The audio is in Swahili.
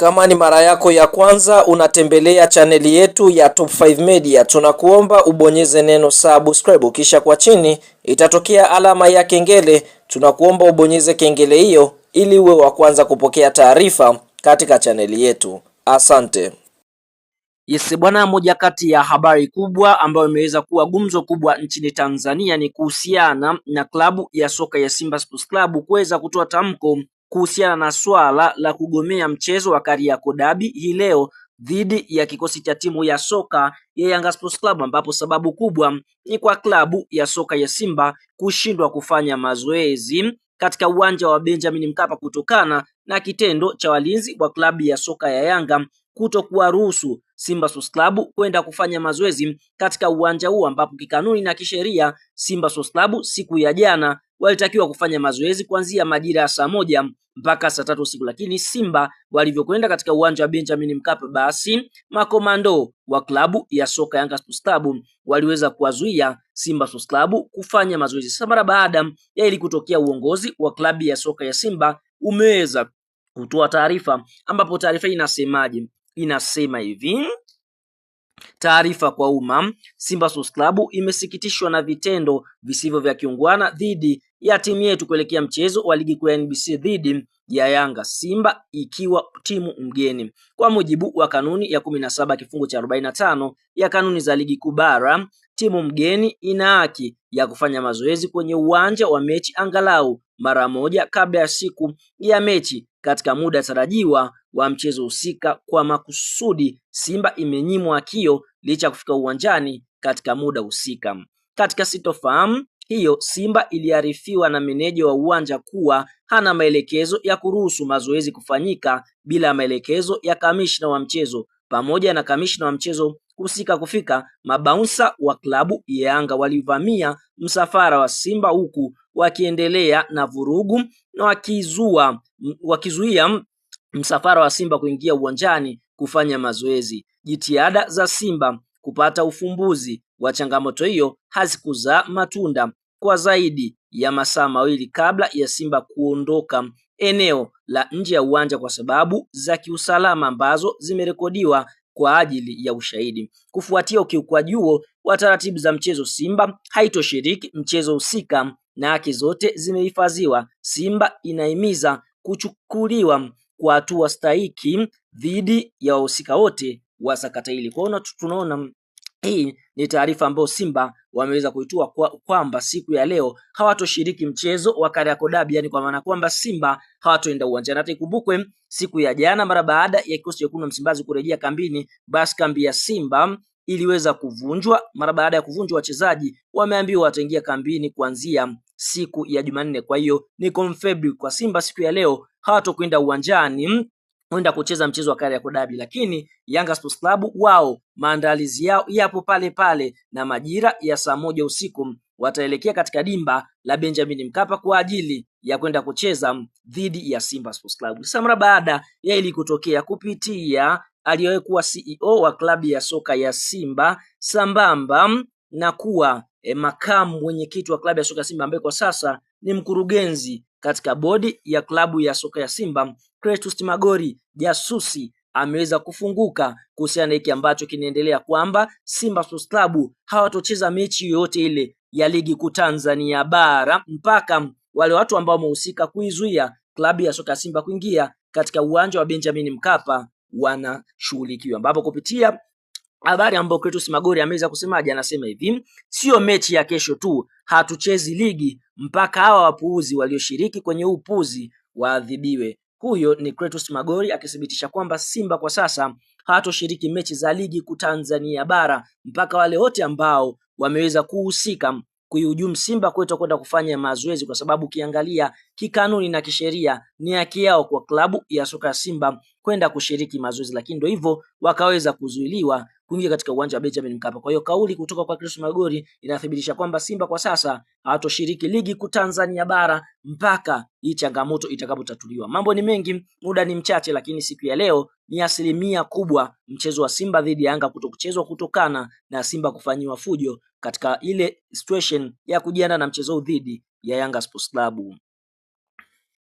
Kama ni mara yako ya kwanza unatembelea chaneli yetu ya Top 5 Media, tunakuomba ubonyeze neno subscribe, kisha kwa chini itatokea alama ya kengele. Tunakuomba ubonyeze kengele hiyo ili uwe wa kwanza kupokea taarifa katika chaneli yetu. Asante. Yes, bwana, moja kati ya habari kubwa ambayo imeweza kuwa gumzo kubwa nchini Tanzania ni kuhusiana na klabu ya soka ya Simba Sports Club kuweza kutoa tamko kuhusiana na swala la kugomea mchezo wa Kariakoo Derby hii leo dhidi ya kikosi cha timu ya soka ya Yanga Sports Club, ambapo sababu kubwa ni kwa klabu ya soka ya Simba kushindwa kufanya mazoezi katika uwanja wa Benjamin Mkapa kutokana na kitendo cha walinzi wa klabu ya soka ya Yanga kuto kuwaruhusu Simba Sports Club kwenda kufanya mazoezi katika uwanja huu, ambapo kikanuni na kisheria Simba Sports Club siku ya jana walitakiwa kufanya mazoezi kuanzia majira ya saa moja mpaka saa tatu usiku, lakini Simba walivyokwenda katika uwanja wa Benjamin Mkapa, basi makomando wa klabu ya soka Yanga Sports Club waliweza kuwazuia Simba Sports Club kufanya mazoezi. Sasa mara baada ya ili kutokea, uongozi wa klabu ya soka ya Simba umeweza kutoa taarifa, ambapo taarifa inasemaje? Inasema hivi Taarifa kwa umma. Simba Sports Club imesikitishwa na vitendo visivyo vya kiungwana dhidi ya timu yetu kuelekea mchezo wa ligi kuu ya NBC dhidi ya Yanga Simba ikiwa timu mgeni kwa mujibu wa kanuni ya kumi na saba kifungu cha arobaini ya kanuni za ligi kuu bara, timu mgeni ina haki ya kufanya mazoezi kwenye uwanja wa mechi angalau mara moja kabla ya siku ya mechi katika muda tarajiwa wa mchezo husika. Kwa makusudi, Simba imenyimwa hiyo licha ya kufika uwanjani katika muda husika. Katika sitofahamu hiyo Simba iliarifiwa na meneja wa uwanja kuwa hana maelekezo ya kuruhusu mazoezi kufanyika bila maelekezo ya kamishna wa mchezo pamoja na kamishna wa mchezo husika kufika. Mabaunsa wa klabu ya Yanga walivamia msafara wa Simba huku wakiendelea na vurugu na wakizua wakizuia msafara wa Simba kuingia uwanjani kufanya mazoezi. Jitihada za Simba kupata ufumbuzi wa changamoto hiyo hazikuzaa matunda kwa zaidi ya masaa mawili kabla ya Simba kuondoka eneo la nje ya uwanja kwa sababu za kiusalama ambazo zimerekodiwa kwa ajili ya ushahidi. Kufuatia ukiukwaji huo wa taratibu za mchezo, Simba haitoshiriki mchezo husika na haki zote zimehifadhiwa. Simba inahimiza kuchukuliwa kwa hatua stahiki dhidi ya wahusika wote wa sakata hili. Kwa hiyo tunaona hii ni taarifa ambayo Simba wameweza kuitua kwamba kwa siku ya leo hawatoshiriki mchezo wa Kariakoo Derby, yani kwa maana kwamba Simba hawatoenda uwanjani. Hata ikumbukwe siku ya jana, mara baada ya kikosi cha wekundu Msimbazi kurejea kambini, basi kambi ya Simba iliweza kuvunjwa. Mara baada ya kuvunjwa, wachezaji wameambiwa wataingia kambini kuanzia siku ya Jumanne. Kwa hiyo ni confirmed kwa Simba siku ya leo hawatokwenda uwanjani kwenda kucheza mchezo wa Kariakoo Derby, lakini Yanga Sports Club wao maandalizi yao yapo pale pale, na majira ya saa moja usiku wataelekea katika dimba la Benjamin Mkapa kwa ajili ya kwenda kucheza dhidi ya Simba Sports Club. Samra baada ya ili kutokea kupitia aliyowahi CEO wa klabu ya soka ya Simba sambamba na kuwa eh, makamu mwenyekiti wa klabu ya soka Simba ambaye kwa sasa ni mkurugenzi katika bodi ya klabu ya soka ya Simba, Crestus Magori jasusi ameweza kufunguka kuhusiana na hiki ambacho kinaendelea kwamba Simba Sports Club hawatocheza mechi yoyote ile ya ligi kuu Tanzania bara mpaka wale watu ambao wamehusika kuizuia klabu ya soka ya Simba kuingia katika uwanja wa Benjamin Mkapa wanashughulikiwa, ambapo kupitia habari ambayo Clatous Magori ameweza kusemaje? Anasema hivi, sio mechi ya kesho tu, hatuchezi ligi mpaka hawa wapuuzi walioshiriki kwenye upuzi waadhibiwe. Huyo ni Clatous Magori akithibitisha kwamba Simba kwa sasa hawatoshiriki mechi za ligi kuu Tanzania bara mpaka wale wote ambao wameweza kuhusika kuihujumu Simba kwetu kwenda kufanya mazoezi, kwa sababu ukiangalia kikanuni na kisheria ni haki yao kwa klabu ya soka ya Simba kwenda kushiriki mazoezi, lakini ndio hivyo wakaweza kuzuiliwa kuingia katika uwanja wa Benjamin Mkapa. Kwa hiyo kauli kutoka kwa Chris Magori inathibitisha kwamba Simba kwa sasa hawatoshiriki ligi kuu Tanzania bara mpaka hii changamoto itakapotatuliwa. Mambo ni mengi, muda ni mchache, lakini siku ya leo ni asilimia kubwa mchezo wa Simba dhidi ya Yanga kutokuchezwa kutokana na Simba kufanyiwa fujo katika ile situation ya kujiandaa na mchezo dhidi ya Yanga Sports Club.